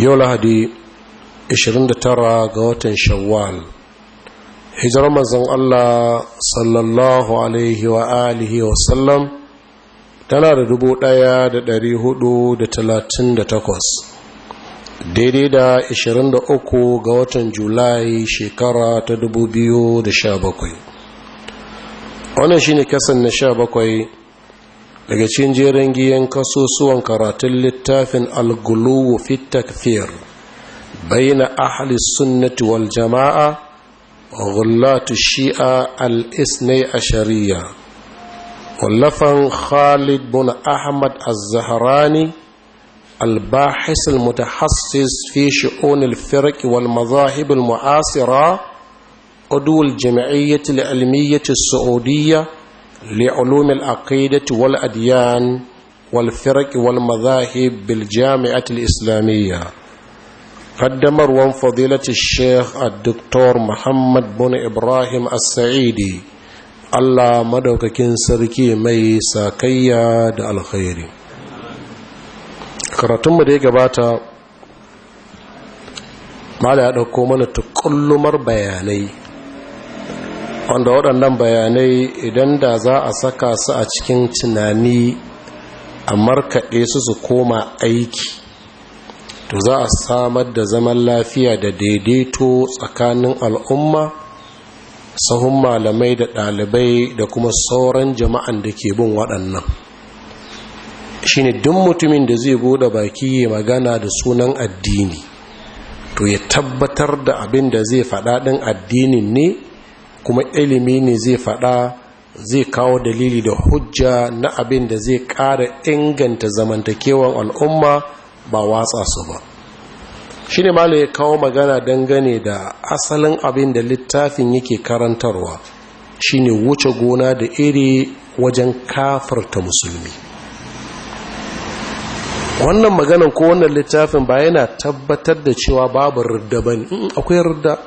yau lahadi 29 ga watan shawwal hijirar manzon Allah sallallahu alaihi wa alihi wa sallam tana da dubu ɗaya da da hudu talatin takwas, daidai da 23 ga watan julai shekara ta dubu biyu da sha bakwai. wannan shine kasan na sha bakwai. daga cikin jerin giyan kasusuwan karatun littafin alguluwu fi takfir baina ahli sunnati wal jama'a ghullatu shi'a al-isnai ashariya wallafan khalid bin ahmad az-zahrani الباحث المتخصص في شؤون الفرق والمذاهب المعاصرة عضو الجمعية العلمية السعودية لعلوم العقيدة والأديان والفرق والمذاهب بالجامعة الإسلامية قدمر وان فضيلة الشيخ الدكتور محمد بن إبراهيم السعيدي الله مدوككين سركي مي ساكيا دا الخير karatun mu da ya gabata mala ya ɗauko mana tukullumar bayanai wanda waɗannan bayanai idan da za a saka su a cikin tunani a markaɗe su su koma aiki to za a samar da zaman lafiya da daidaito tsakanin al'umma sahun malamai da ɗalibai da kuma sauran jama'an da ke bin waɗannan shine duk mutumin da zai bude baki ya magana da sunan addini to ya tabbatar da abin da zai faɗaɗin addinin ne kuma ilimi ne zai faɗa zai kawo dalili da hujja na abin da zai ƙara inganta zamantakewan al'umma ba watsa su ba shi ne ya kawo magana dangane da asalin abin da littafin yake karantarwa shi ne wuce gona da iri wajen kafarta musulmi wannan maganan ko wannan littafin ba yana tabbatar da cewa babu rudda ba ne. akwai rudda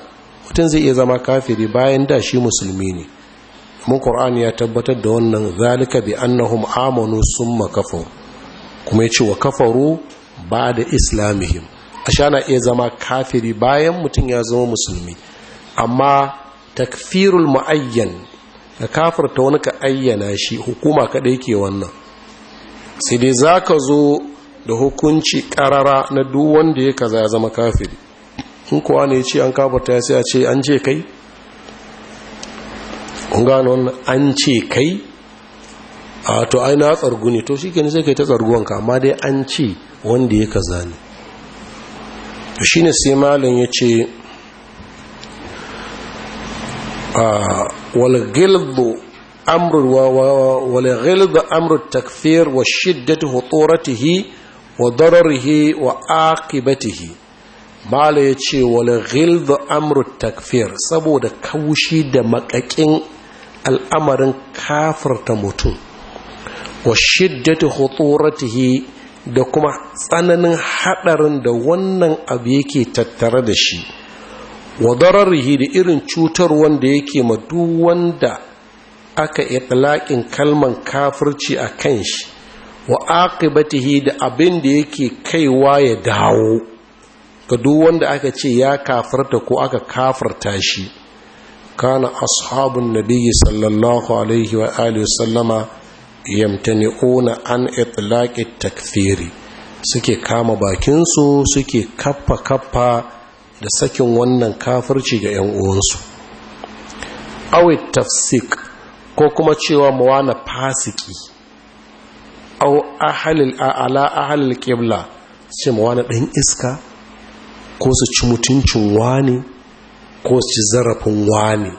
mutum zai iya zama kafiri bayan da shi musulmi ne mun qur'ani ya tabbatar da wannan zalika bi annahum amanu summa kafaru kuma yace wa kafaru ba'da islamihim asha na iya zama kafiri bayan mutum ya zama musulmi amma takfirul muayyan ka kafirta wani ka ayyana shi hukuma kaɗai ke wannan sai dai ka zo da hukunci karara na duk wanda ya kaza ya zama kafiri in kuwa ne ce an kafarta sai a ce an ce kai kun gano an ce kai a to ai na tsargu ne to shi ke sai kai ta tsarguwanka amma dai an ce wanda ya kaza ne to shi ne sai malin ya ce walgilbo amur takfir wa shiddatu huturatihi wa dararihi wa akibatihi bala ya ce wani ghildu amru takfir saboda kaushi da makakin al'amarin kafirta mutum wa shiddatu khuturatihi da kuma tsananin hadarin da wannan abu yake tattare da shi wa dararihi da irin cutar wanda yake ma duk wanda aka itlaƙin kalman kafirci a kan shi wa aqibatihi da abin da yake kaiwa ya dawo ga duk wanda aka ce ya kafarta ko aka kafarta shi kana ashabun nabiyyi sallallahu alaihi wa alihi sallama yamtani'una an itlaqi takfiri suke kama bakin su suke kaffa kaffa da sakin wannan kafirci ga yan uwansu awi tafsik ko kuma cewa mawana fasiki au ahalil ala ahalil qibla ce mawana dan iska ko su ci mutuncin wani ko su ci zarafin wani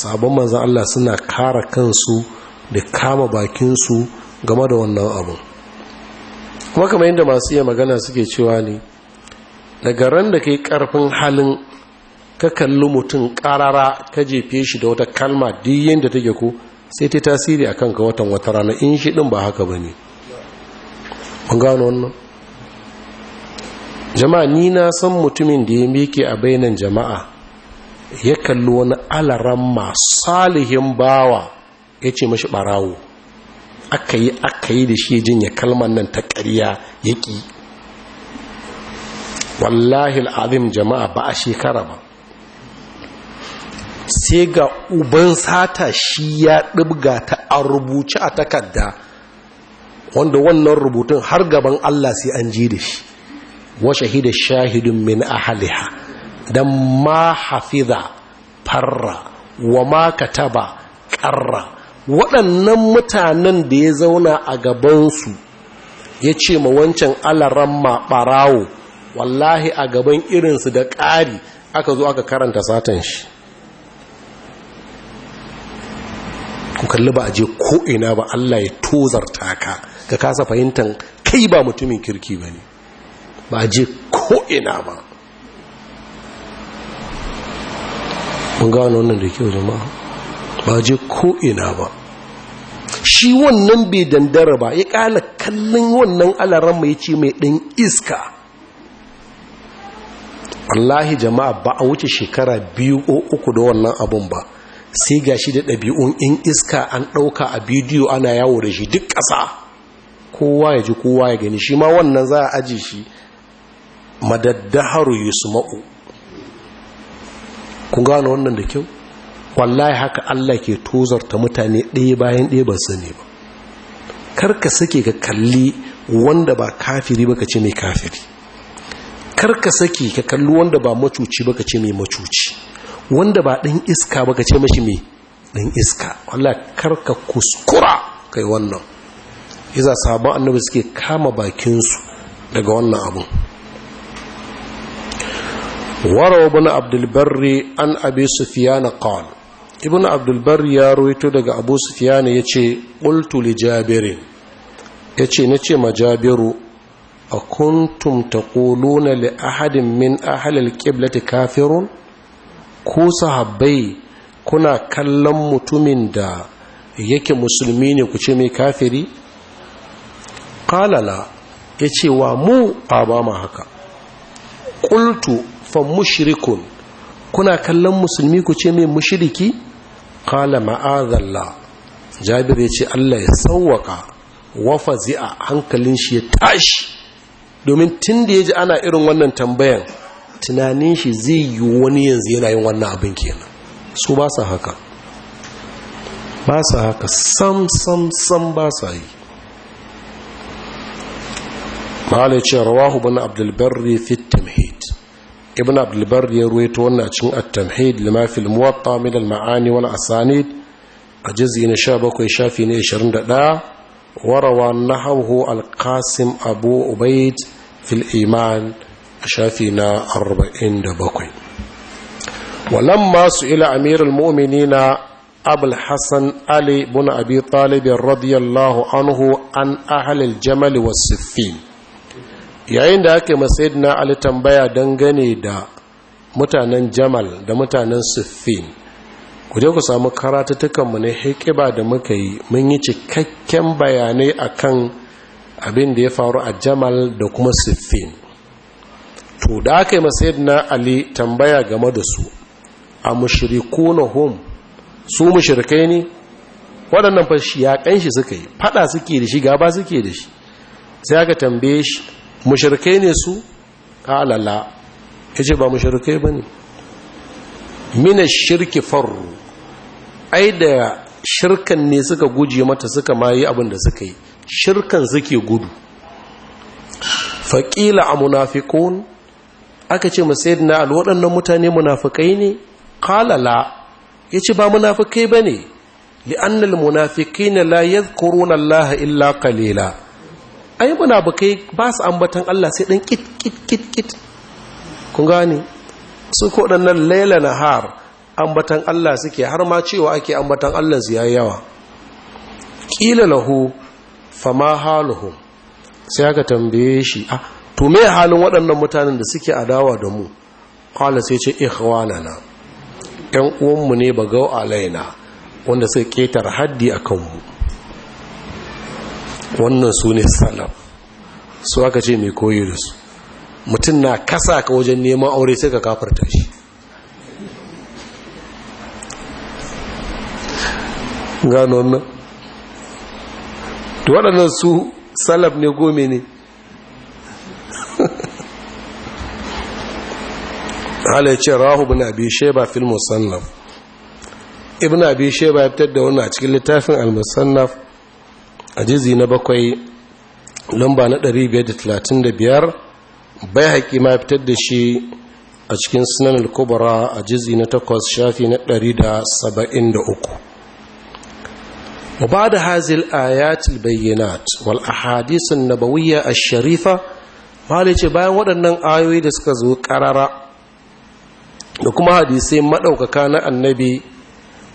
sabon manzan Allah suna kara kansu da kama bakinsu game da wannan abu kuma kamar yadda masu iya magana suke cewa ne daga ran da kai karfin halin ka kalli mutum karara ka jefe shi da wata kalma duk yadda take ko sai ta tasiri a kanka watan wata rana in shi din ba haka ba ne gano wannan jama'a ni na san mutumin da ya miƙe a bainan jama'a ya kalli wani masu salihin bawa ya ce mashi ɓarawo aka yi aka yi da shi jin ya kalman nan ta ƙarya ya ƙi wallahi al'adun jama'a ba a shekara ba sai ga uban sata shi ya ɗibga ta a rubuce a takarda wanda wannan rubutun har gaban allah sai an ji da shi wa shahida shahidun min ahliha dan ma hafiza farra wa ma kataba qarra waɗannan mutanen da ya zauna a gabansu ya ce ma wancan alaramma ɓarawo wallahi a gaban irinsu da ƙari aka zo aka karanta satan shi ku kalli ba a je ko'ina ba Allah ya tozarta ka ka kasa fahimtar kai ba mutumin kirki ba ne ba je ko'ina ba mun gano wannan da kyau jama'a ba je ko'ina ba shi wannan bai dandara ba ya kala kallon wannan alaran mai ce mai ɗin iska wallahi jama'a ba a wuce shekara biyu ko uku da wannan abun ba sai ga shi da ɗabi'un in iska an ɗauka a bidiyo ana yawo da shi duk ƙasa kowa ya ji kowa ya gani shi ma wannan za a aji shi madaddaharu yusma'u kun gano wannan da kyau wallahi haka Allah ke tozarta mutane ɗaya bayan ɗaya ba sani ba karka sake ka kalli wanda ba kafiri baka ce mai kafiri karka sake ka kalli wanda ba macuci baka ce mai macuci wanda ba ɗan iska baka ce mashi mai ɗan iska wallahi karka kuskura kai wannan iza sabon annabi suke kama bakinsu daga wannan abun warawa bin abdulbarri an abi sufiyana qal ibn abdulbarri ya ruwaito daga abu sufiyana ya ce ƙultu li jabirin ya ce na ce ma jabiru a kuntum ta ƙuluna li ahadin min ahalil ƙiblati kafirun ku sahabbai kuna kallon mutumin da yake musulmi ne ku ce mai kafiri ƙalala ya ce wa mu a ba ma haka ƙultu fa mushrikun kuna kallon musulmi ku ce mai mushriki kala ma'azalla jabir ya ce Allah ya sauwaka wafazi a hankalin shi ya tashi domin tun da ya ji ana irin wannan tambayan tunanin shi zai yi wani yanzu yana yin wannan abin kenan su ba su haka ba su haka sam sam sam ba su yi ce rawahu bin abdulbarri fit ibn abdulbar ya ruwaito wannan cin at-tamhid Limafil fil muwatta min al-ma'ani wal asanid a juz'i na 17 shafi na 21 warawa nahawhu al-qasim abu ubayd fil iman a shafi na 47 walamma su'ila amirul mu'minina أبو الحسن علي بن أبي طالب رضي الله عنه عن Jamal الجمل والسفين yayin da aka yi masayidina ali tambaya dangane da mutanen jamal da mutanen siffin ku je ku samu karatattukanmu na hikiba da muka yi mun yi cikakken bayanai a kan abin da ya faru a jamal da kuma siffin to da aka yi na ali tambaya game da su a mushiriku na hom. su mushirikai ne waɗannan fashi ya ƙanshi suka yi fada suke da shi gaba suke da shi sai aka tambaye shi mushirkai ne su alala ya ce ba mushirkai ba ne mina shirki faru ai da shirkan ne suka guji mata suka ma yi abin da suka yi shirkan suke gudu faƙila a munafikun aka ce masayid na alwaɗannan mutane munafikai ne kalala ya ce ba munafikai ba ne li'annal munafikai na la laha illa kalila ai muna ba su ambatan Allah sai dan kit kit kit kit kun gane su ko dan nan laila nahar ambatan Allah suke har ma cewa ake ambatan Allah su yayi yawa Ƙila lahu fama haluhum sai aka tambaye shi ah to me halin waɗannan mutanen da suke adawa da mu qala sai ce ikhwanana uwan uwanmu ne bagau alaina wanda sai ketar haddi akan mu wannan su ne salaf su aka ce mai koyi da su mutum na kasa ka wajen neman aure sai ka kafarta shi gano wannan to waɗannan su salaf ne gome ne hala ce rahu bin abi sheba fil sannan ibn abi sheba ya fitar da wannan a cikin littafin al-musannaf ajizi na bakwai lamba na 535 bai haƙi ma fitar da shi a cikin sunan al-kubra a jizi na takwas shafi na 173 وبعد wal ahadith an-nabawiyya ash-sharifa Sharifa, ce bayan waɗannan ayoyi da suka zo ƙarara da kuma hadisai maɗaukaka na annabi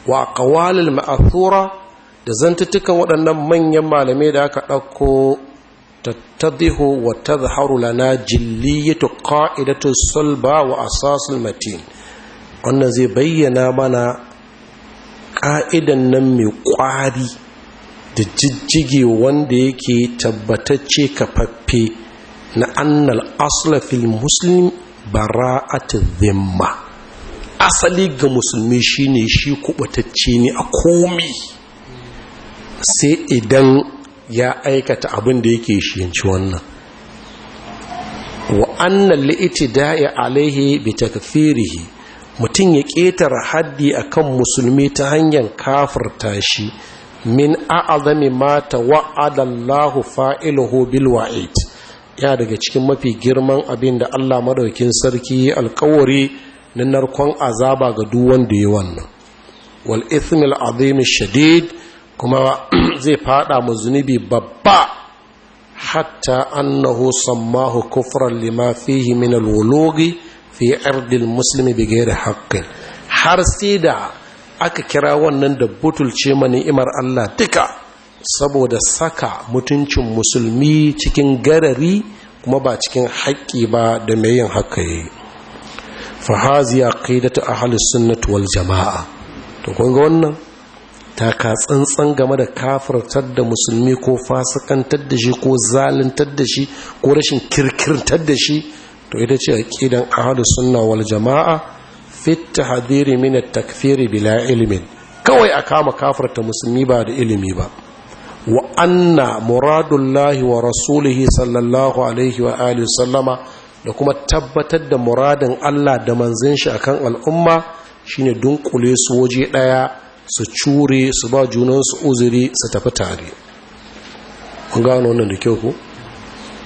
wa ƙawalil ma'athura da zantattukan waɗannan manyan malamai da aka ɗauko ta tattadihu wa tazharu lana jilliyatu qa'idatu sulba wa asasul matin wannan zai bayyana mana ƙa'idan nan mai ƙwari da jijjige wanda yake tabbatacce kafaffe na annal asla fil muslim bara'atu dhimma asali ga musulmi shine shi kubatacce ne a komi sai idan ya aikata abin da yake shiyanci wannan wa li'iti da'i alaihi bi takfirihi mutum ya ƙetare haddi a kan musulmi ta hanyar kafirta shi min a'azami mata wa'adallahu fa'iluhu bil wa'id ya daga cikin mafi girman abin da Allah maɗaukin sarki alkawari na narkon azaba ga duk wanda ya wannan wal ismil azim shadid kuma zai fada mu zunubi babba hatta annahu sammahu kufran lima fihi min alwulugi fi ardil muslimi bi ghairi haqqin har sai da aka kira wannan da butulce ma ni'imar Allah duka saboda saka mutuncin musulmi cikin garari kuma ba cikin haƙƙi ba da mai yin haka yi fa haziya qidatu ahli sunnati wal jamaa to kun ga wannan Ta ka tsantsan game da kafirtar da musulmi ko fasikantar da shi ko zaluntar da shi ko rashin kirkirtar da shi to ita ce aqidan ahadu sunna wal jamaa fi tahdhiri min at-takfir bila ilmin kawai a kama kafirta musulmi ba da ilimi ba wa anna muradullahi wa rasulihi sallallahu alaihi wa alihi sallama da kuma tabbatar da muradin Allah da manzon shi akan al'umma shine dunkule su waje daya su cure su ba junansu uzuri su tafi tare kun gano wannan da kyau ku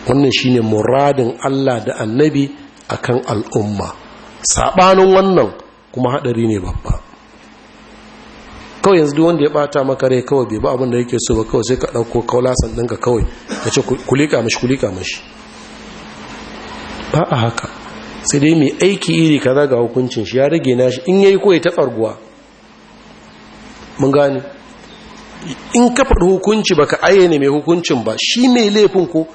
wannan shine muradin Allah da annabi akan al'umma sabanin wannan kuma hadari ne babba kawai yanzu duk wanda ya bata maka rai kawai bai ba abin da yake so ba kawai sai ka dauko kaulasan ɗinka kawai ka ce kulika mashi kulika mashi ba a haka sai dai mai aiki iri kaza ga hukuncin shi ya rage nashi in yayi koyi ta tsarguwa mun gani in ka faɗi hukunci ba ka ayyana mai hukuncin ba shi ne laifin ko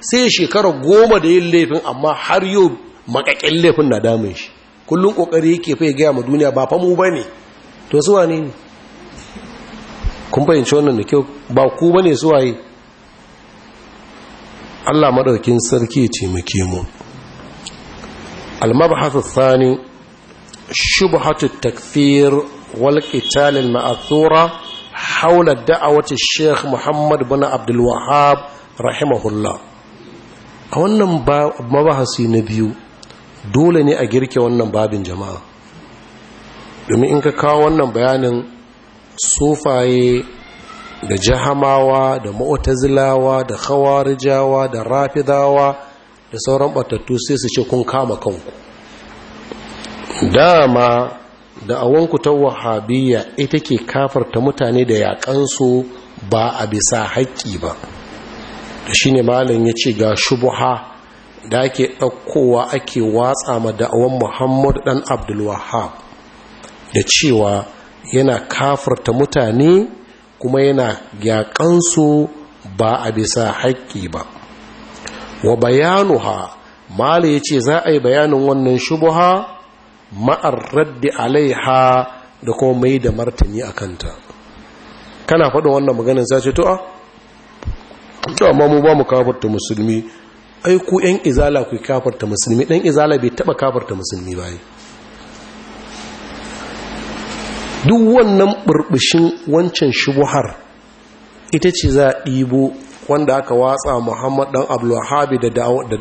sai shekara goma da yin laifin amma har yau makakin laifin na damun shi kullum kokari yake fai gaya ma duniya ba famu ba ne to suwa ne ne kun fahimci wannan da kyau ba ku ba ne allah maɗaukin sarki taimake mu almabhasu sani shubhatu takfir والقتال المأثورة حول دعوة الشيخ محمد بن عبد الوهاب رحمه الله a wannan mabahasi na biyu dole ne a girke wannan babin jama'a domin in ka kawo wannan bayanin sufaye da jahamawa da ma'otazilawa da khawarijawa da rafidawa da sauran batattu sai su ce kun kama kanku dama da ta wahabiyya ita ke kafarta mutane da yaƙansu ba a bisa haƙƙi ba da shi ne malin ya ce ga shubuha da ake ɗaukowa ake watsa ma da'awan muhammad ɗan abdulwahab da cewa yana kafarta mutane kuma yana yaƙansu ba a bisa haƙƙi ba wa bayanuha malin ya ce za a yi bayanin wannan shubuha ma'ar raddi alaiha da kuma mai da martani a kanta kana faɗin wannan maganin za ce to'a ah, amma mu ba mu kafarta musulmi ai yan izala ku kafarta musulmi ɗan izala bai taɓa kafarta musulmi ba duk wannan ɓurɓushin wancan shubuhar ita ce za a ɗibo wanda aka watsa muhammad dan abdulwahabi da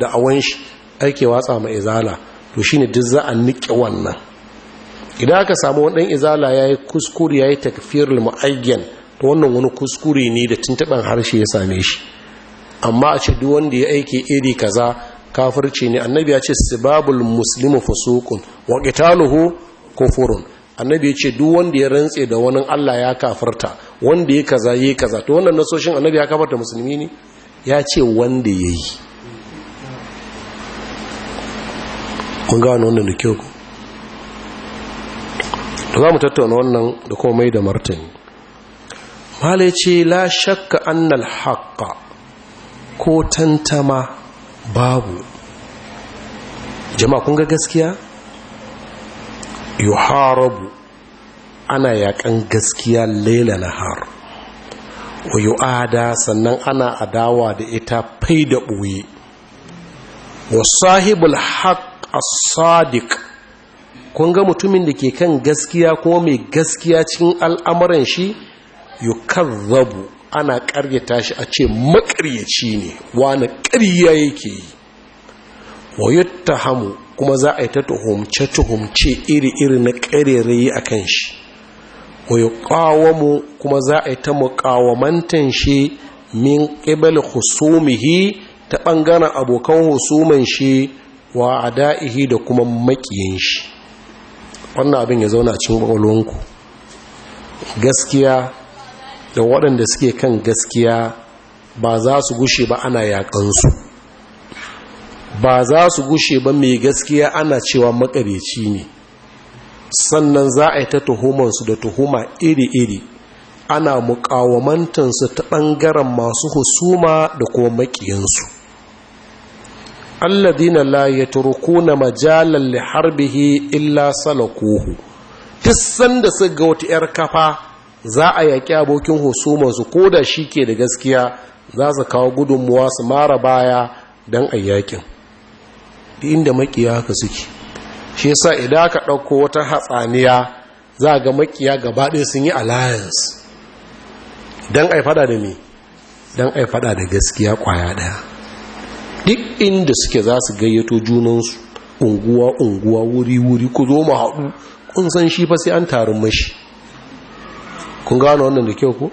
da'awanshi shi ake watsa ma izala to shine duk za a niƙe wannan idan aka samu wani izala yayi kuskure yayi takfirul muayyan to wannan wani kuskure ne da tuntuban harshe ya same shi amma a ce duk wanda ya aiki iri kaza kafirci ne annabi ya ce sibabul muslimu fusuqun wa qitaluhu kufurun annabi ya ce duk wanda ya rantse da wani Allah ya kafirta wanda ya kaza yayi kaza to wannan nasoshin annabi ya kafarta musulmi ne ya ce wanda yayi mun gano wannan da kyau da za mu tattauna wannan da kuma mai da martani mala ce la shakka annal haƙƙa ko tantama babu jama'a kun ga gaskiya yuharabu ana yaƙan gaskiya laila har wa yu'ada sannan ana adawa da ita fai da ɓoye wa sahibul haƙ as-sadiq kun ga mutumin da ke kan gaskiya kuma mai gaskiya cikin al'amuran shi yukazzabu ana ƙaryata shi a ce makaryaci ne wani karya yake yi wa yattahamu kuma za a yi ta tuhumce tuhumce iri-iri na karerayi a kan shi wa yuqawamu kuma za a yi ta muqawamantan shi min qibal husumihi ta ɓangaren abokan husuman shi wa a da'ihi da kuma makiyin shi wannan abin ya zauna cin ƙwaƙwalwanku gaskiya da waɗanda suke kan gaskiya ba za su gushe ba ana yaƙansu ba za su gushe ba mai gaskiya ana cewa makareci ne sannan za a yi ta tuhumansu da tuhuma iri-iri ana mukawamantansu ta ɓangaren masu husuma da kuma makiyansu. alladina la yatrukuna majalan li harbihi illa salakuhu Tisan da su ga wata yar kafa za a yaƙi abokin ko su shi ke da gaskiya za su kawo gudunmuwa su mara baya dan ayyakin inda makiya haka suke shi sa idan ka ɗauko wata hatsaniya za ga makiya gabaɗaya sun yi alliance a yi fada da me a yi fada da gaskiya kwaya ɗaya. duk inda suke za su gayyato junansu unguwa unguwa wuri wuri ku zo mu haɗu kun san shi fa sai an tarin mashi kun gano wannan da kyau ko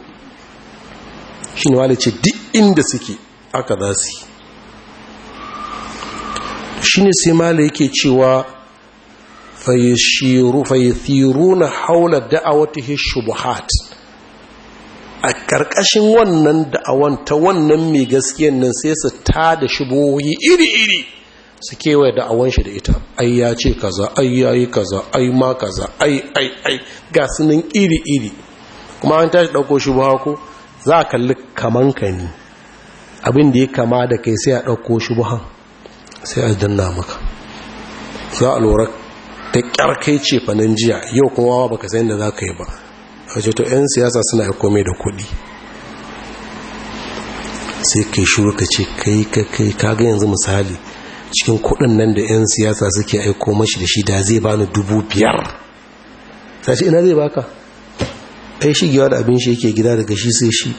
shi ne wale ce duk inda suke aka za su yi shi ne sai mala yake cewa fayyashiru na haula da'awatihi shubuhat a ƙarƙashin wannan da'awan ta wannan mai gaskiyan nan sai su ta da shibohi iri-iri su kewaye da'awan shi da ita ai ya ce kaza ai ya yi kaza ai ma kaza ai ai ai ga sunan iri-iri kuma an tashi ɗauko shi ba ko za a kalli kaman ka ne abin da ya kama da kai sai a ɗauko shi ha, sai a danna maka za a lura ta ƙyar kai ce fanin jiya yau kuma ba ka san da za ka yi ba a ce to 'yan siyasa suna komai da kuɗi sai kai shuru ka ce kai kai kaga yanzu misali cikin kuɗin nan da 'yan siyasa suke aiko mashi da shi da zai bani dubu biyar sashi ina zai baka ai shigewa da abin shi yake gida daga shi sai shi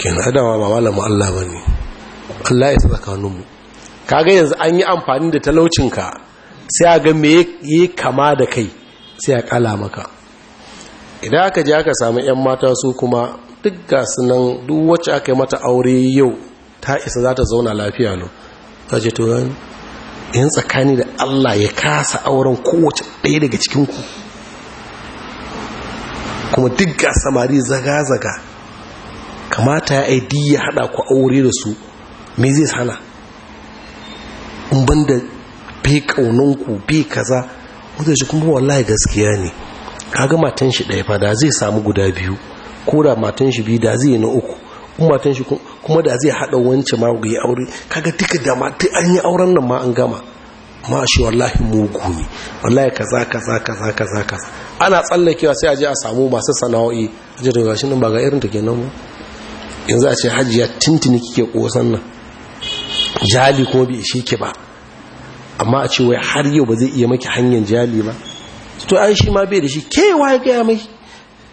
kenan adawa ba malamin Allah ba ne Allah ya tsakaninmu kaga yanzu an yi amfani da talaucinka sai a ga me yi kama da kai sai a kala maka idan aka je aka samu 'yan mata su kuma duk ga nan duk wacce aka yi mata aure yau ta isa za ta zauna lafiya no ta ce to yin tsakani da allah ya kasa auren kowace ɗaya daga cikinku kuma duk ga samari zaga-zaga kamata ya aidi ya haɗa ku aure da su me zai sana in banda bai kaunanku bai kaza wanda shi kuma wallahi gaskiya ne kaga matan shi ɗaya fa da zai samu guda biyu ko da matan shi biyu da zai na uku kuma matan shi kuma da zai haɗa wance ma yi aure kaga duka da mata an yi auren nan ma an gama ma shi wallahi mugu ne wallahi kaza kaza kaza kaza kaza ana tsallakewa sai a je a samu masu sana'o'i a je daga shi nan ba ga irin ta kenan ba yanzu a ce hajiya tintini kike kosan nan jali kuma bai ishe ki ba amma a ce wai har yau ba zai iya maki hanyar jali ba to ai shi ma bai da shi ke waye gaya mai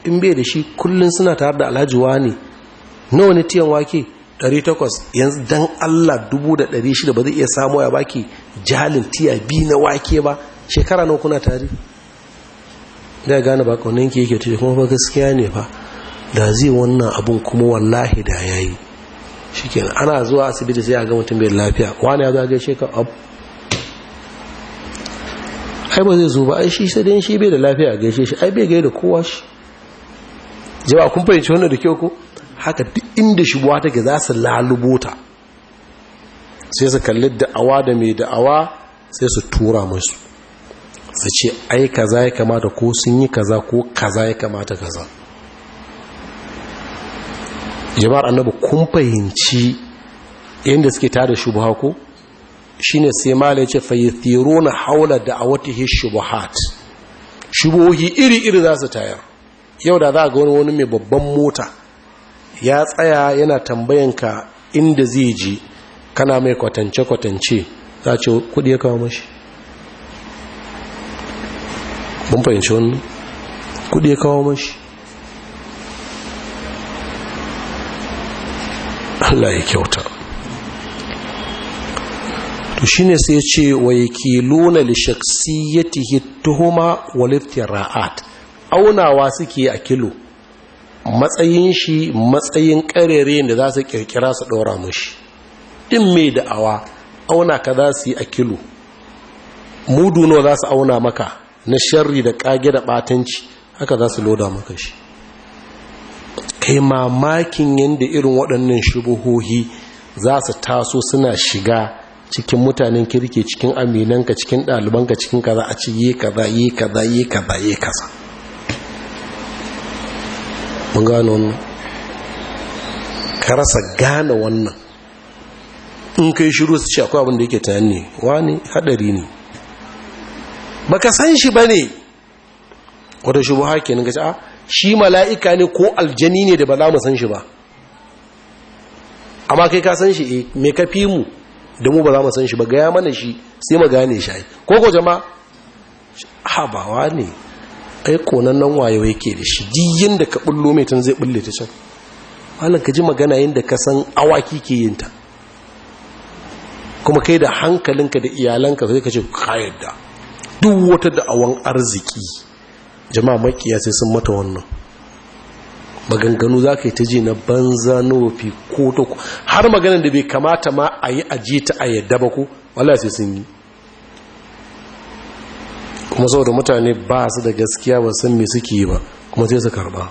in bai da shi kullum suna tare da alhaji ne nawa ne tiyan wake 800 yanzu dan Allah 1600 ba zai iya samu ya baki jalin tiya bi na wake ba shekara nawa kuna tare da gane ba kaunin ki yake tuje kuma ba gaskiya ne fa da zai wannan abun kuma wallahi da yayi shikenan ana zuwa asibiti sai a ga mutum bai lafiya wani ya zo gaishe ka ai ba zai zo ba ai shi sai dai shi bai da lafiya ga gaishe shi ai bai gaida kowa shi jama'a kun fahimci wannan da kyau ko haka duk inda shigowa take za su lalubota sai su kalli da'awa da mai da'awa sai su tura musu su ce ai kaza ya kamata ko sun yi kaza ko kaza ya kamata kaza jama'ar annabi kun fahimci yadda suke tada shubuha ko shine sai mala yace na haula da'awatihi shubuhat shubuhi iri iri za su tayar yau da za ga wani wani mai babban mota ya tsaya yana tambayanka inda zai je kana mai kwatance kwatance za a ce kudi ya kawo mashi mun fahimci wani kudi ya kawo mashi Allah ya kyauta to shine sai ce wa yakiluna li shakhsiyatihi tuhuma wal aunawa suke a kilo matsayin shi matsayin karere da za su kirkira su ɗora mashi in mai da'awa auna ka za su yi a kilo mudu nawa za su auna maka na sharri da kage da batanci haka za su loda maka shi kai mamakin yadda irin waɗannan shubuhohi za su taso suna shiga cikin mutanen kirki cikin aminanka cikin ɗalibanka cikin kaza a ci yi kaza yi kaza yi kaza yi kaza mun gano wannan ka rasa gane wannan in kai shiru su ce akwai abin da yake ne wani hadari ne Ba ka san shi ba ne wata shi ne, ke nan a ah, shi mala'ika ne ko aljani ne da ba za mu san shi ba amma kai ka san shi e me ka fi mu da mu ba za mu san shi ba gaya mana shi sai mu gane shi ko ko jama'a habawa ne ai konan nan wayo yake da shi diyin yanda ka bullo mai tun zai bulle ta can malam ka ji magana yadda ka san awaki ke yin ta kuma kai da hankalinka da iyalanka sai ka ce ka yarda duk wata da awon arziki jama'a makiya sai sun mata wannan maganganu za ka yi ta ji na banza na wafi ko ta ku har maganin da bai kamata ma a yi aji ta a yadda ba ku wallah sai sun yi kuma saboda mutane ba su da gaskiya ba san me suke yi ba kuma sai su karba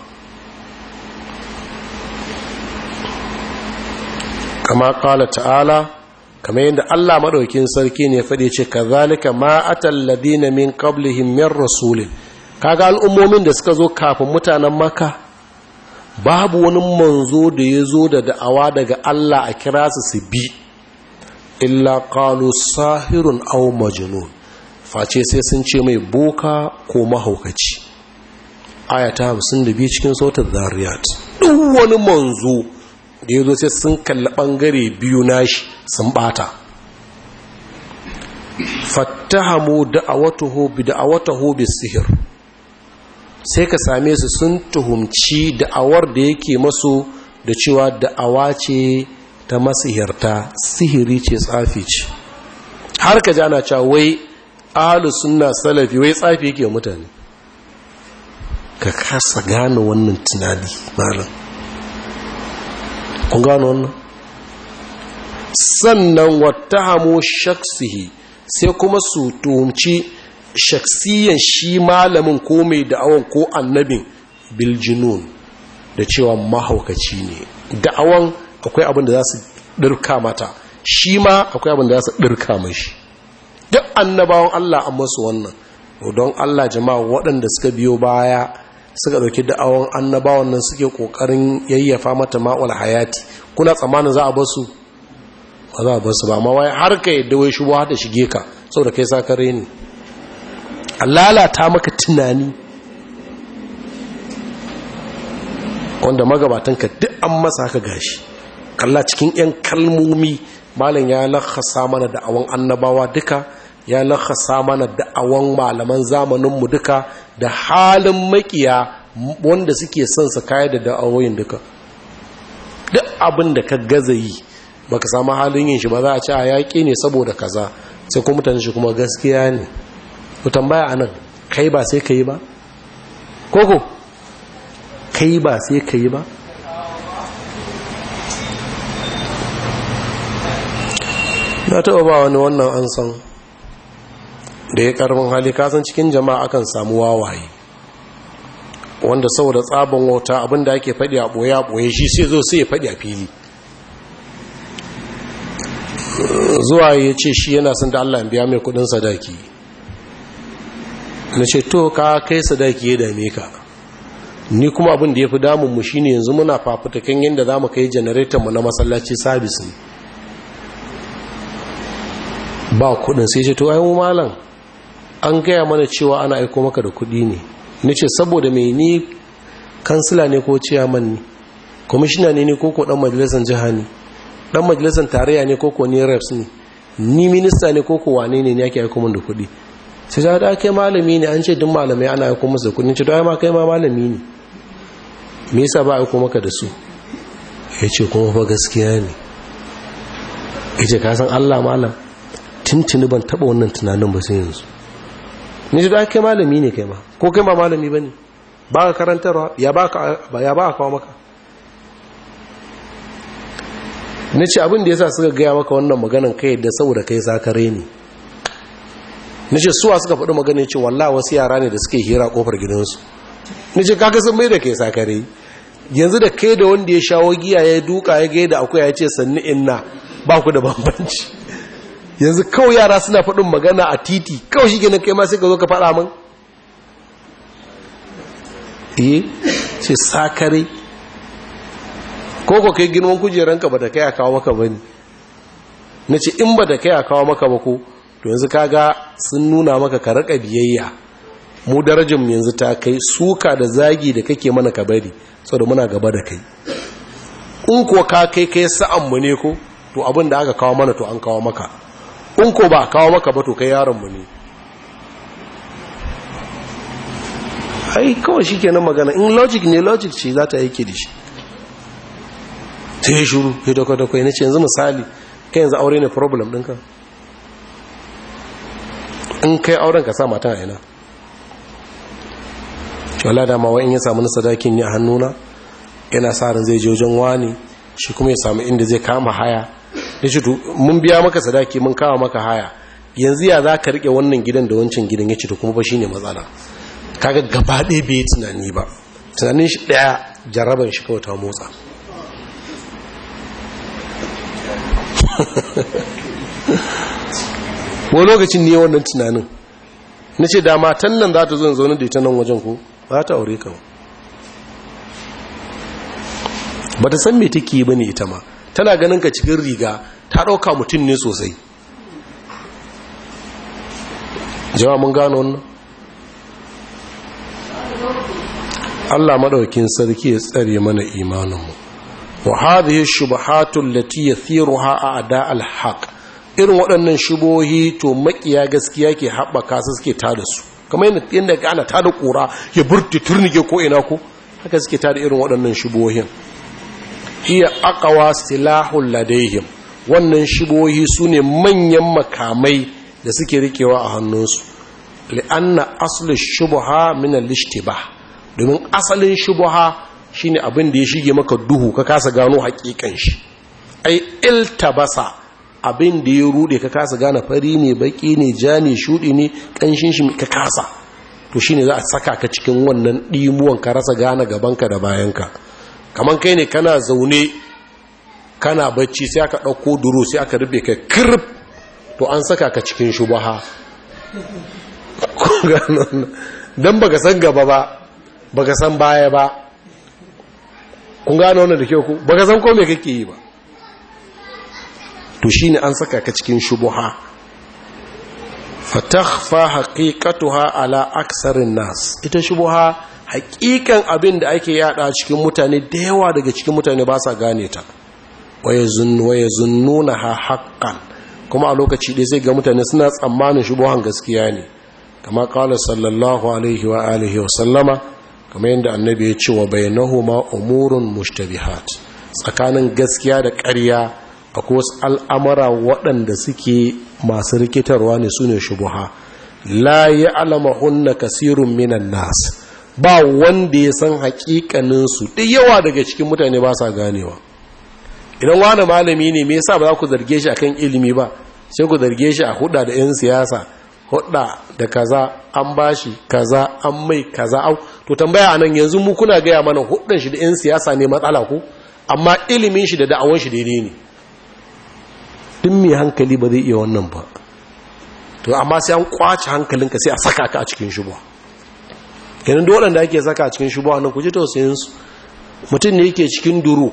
kama kala ta'ala kama yadda Allah maɗaukin sarki ne faɗi ce ka zalika ma'atar ladina min qablihim min rasulin kaga al'ummomin da suka zo kafin mutanen maka babu wani manzo da ya zo da da'awa daga Allah a kira su su bi illa kalu sahirun au majnun face sai sun ce mai boka ko mahaukaci aya ta 52 cikin sautar zariyat duk wani manzo da ya zo sai sun kalla ɓangare biyu nashi sun bata fattahamu da'awatuhu bi da'awatuhu bis sihir sai ka same su sun tuhumci da'awar da yake masu da cewa da'awa ce ta masihirta sihiri ce tsafi ce har ka jana cewa wai alu suna salafi wai tsafi yake mutane ka kasa gane wannan tunani malam kun gano wannan sannan wata hamo shaksihi sai kuma su tuhumci shaksiyan shi malamin ko mai da'awan ko annabin biljinun da cewa mahaukaci ne da'awan akwai abin da za su ɗirka mata shi ma akwai abin da za su ɗirka mashi duk annabawan Allah a masu wannan don Allah jama'a waɗanda suka biyo baya suka ɗauki da'awan annabawan nan suke ƙoƙarin yayyafa mata ma'ul hayati kuna tsammanin za a basu ba za a basu ba ma har ka yadda wai shi da shige ka saboda kai sakare ne Ka lalata maka tunani wanda magabatanka duk an masa haka gashi kalla cikin 'yan kalmomi malam ya lakasa mana da'awan annabawa duka ya lakasa mana da'awan malaman zamaninmu duka da halin makiya wanda suke son su kaya da da'awoyin duka duk abin da ka gaza yi baka samu halin yin shi ba za a ci a yaƙi ne saboda kaza sai kuma mutane shi kuma gaskiya ne ku tambaya anan kai ba sai ka yi ba koko kai ba sai ka yi ba na taɓa ba wani wannan an san da ya ƙarfin hali kasan cikin jama'a akan samu wawaye wanda saboda tsabon wauta abinda ake faɗi a ɓoye a ɓoye shi sai zo sai ya faɗi a fili zuwa ya ce shi yana son da allah biya mai kudin sadaki na ce to ka kai sadaki ya dame ka ni kuma abin da ya fi damunmu shi ne yanzu muna fafutakin yadda za mu kai mu na masallaci sabis ne ba kudin sai ce to ayin malam an gaya mana cewa ana aiko maka da kudi ne na ce saboda mai ni kansila ne ko ciyaman ne kwamishina ne ne koko dan majalisar jiha ne dan majalisar tarayya ne koko ne reps ne ni minista ne koko wane ne ne ake aiko min da kudi sai ja ah, da kai malami ne an ce duk malamai ana aiko musu kudi ce to ai ma kai ma malami ne me yasa ba aiko maka da su ya ce kuma fa gaskiya ne ya ce kasan allah malam tuntuni ban taɓa wannan tunanin ba sai yanzu ni ce da kai malami ne kai ma ko kai ba malami ba ne ba ka karantarwa ya ba ka kawo maka na ce abin da ya sa suka gaya maka wannan maganan kai da saboda kai zakare ne ni ce suwa suka faɗi magana ya ce wallah wasu yara ne da suke hira ƙofar gidansu na ce kaka sun mai da kai sakare yanzu da kai da wanda ya shawo giya ya duka ya gaida akwai ya ce sannu inna ba ku da bambanci yanzu kawai yara suna faɗin magana a titi kawai shi gina kai ma sai ka zo ka faɗa min eh ce sakare ko ko kai girman kujeranka ba da kai a kawo maka ba ne na ce in ba da kai a kawo maka ba ko to yanzu kaga sun nuna maka ka raka biyayya mu darajar mu yanzu ta kai suka da zagi da kake mana ka bari saboda muna gaba da kai in ko ka kai kai sa'an mu ne ko to abin da aka kawo mana to an kawo maka in ko ba kawo maka ba to kai yaron mu ne ai kawai shi kenan magana in logic ne logic ce za ta yake da shi ta yi shuru ya dakwadakwai na ce yanzu misali kai yanzu aure ne problem ɗinka in kai auren ka sa matan a ina wala dama wa in ya samu na sadakin ya hannuna yana sa ran zai je wajen wani shi kuma ya samu inda zai kama haya ya ce mun biya maka sadaki mun kama maka haya yanzu ya za ka riƙe wannan gidan da wancan gidan ya ce to kuma ba shi ne matsala kaga gaba ɗaya bai yi tunani ba tunanin shi ɗaya jaraban shi kawai ta motsa Ko lokacin ne wannan tunanin na ce da matan nan za ta zo zaune da ita nan wajen ko ba ta aure ka ba ta san me take yi bane ita ma tana ganin ka cikin riga ta ɗauka mutum ne sosai jama'a mun gano wannan Allah madaukin sarki ya tsare mana imaninmu wa hadhihi shubuhatul lati yathiruha a'da alhaq irin waɗannan shubohi to makiya gaskiya ke haɓaka su suke tada su kamar yadda ga ana tada ƙura ya burti turnike ko ina ko haka suke tada irin waɗannan shubohin hiya akawa silahun ladaihim wannan shubohi ne manyan makamai da suke rikewa a hannunsu li'anna aslu shubuha min al ba, domin asalin shubuha shine abin da ya shige maka duhu ka kasa gano hakikan shi ai iltabasa abin da ya rude ka kasa gane fari ne baki ne ja ne shudi ne kanshin shi ka kasa to shi za a saka ka cikin wannan dimuwan ka rasa gane gabanka da bayanka kamar kai ne kana zaune kana bacci sai aka ɗauko duro sai aka rufe ka kirb to an saka ka cikin shubaha ba baka san gaba ba baka san baya ba kun gane wannan da kyau ku baka san ko me kake yi ba to shine an saka ka cikin shubuha fatakhfa haƙiƙatuwa ala aksarin nas ita shubuha haƙiƙan abin da ake yada cikin mutane da yawa daga cikin mutane ba sa gane ta wayazunnuna ha haqqan kuma a lokaci dai sai ga mutane suna tsammanin shubuhan gaskiya ne kama kala sallallahu alaihi wa alihi wa sallama kama yadda annabi ya ce wa bainahuma umurun mushtabihat tsakanin gaskiya da ƙarya akwai wasu al'amara waɗanda suke masu rikitarwa ne su ne shubuha la ya alama hunna kasirun minan nas ba wanda ya san hakikaninsu da yawa daga cikin mutane ba sa ganewa idan wani malami ne me sa ba za ku zarge shi a kan ilimi ba sai ku zarge shi a huɗa da 'yan siyasa hudda da kaza an bashi kaza an mai kaza au to tambaya anan yanzu mu kuna gaya mana huɗan shi da 'yan siyasa ne matsala ku amma ilimin shi da da'awon shi daidai ne duk mai hankali ba zai iya wannan ba to amma sai an kwace hankalinka sai a saka ka a cikin shubuwa ganin dole da ake saka a cikin shubuwa nan ku ji tausayin su mutum ne yake cikin duro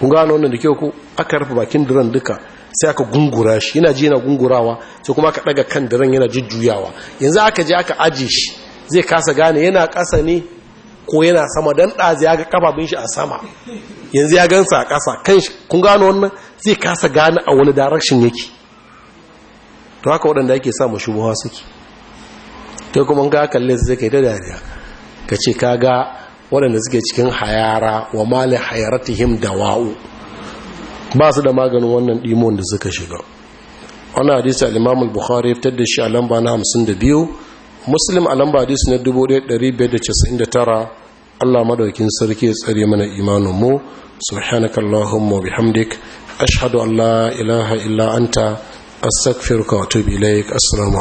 kun gano wannan da kyau ko aka rufe bakin duran duka sai aka gungura shi yana ji yana gungurawa sai kuma aka daga kan duran yana jujjuyawa yanzu aka je aka aje shi zai kasa gane yana kasa ne ko yana sama don ɗazi ya ga kafafin shi a sama yanzu ya gansa a ƙasa kan shi kun gano wannan zai kasa gane a wani direction yake to haka waɗanda yake sa mu shubuwa suke Ta kuma ga kalle su zai kai da dariya ka ce ka ga waɗanda suke cikin hayara wa mali him da wa'u ba su da maganin wannan ɗimon da suka shiga wani hadisi al'imamul imam al-bukhari fitar da shi a lamba na 52 muslim a lamba hadis na 1599 Allah madaukin sarki ya tsare mana imanin mu subhanakallahumma bihamdik ashhadu an la ilaha illa anta astaghfiruka wa atubu ilaik assalamu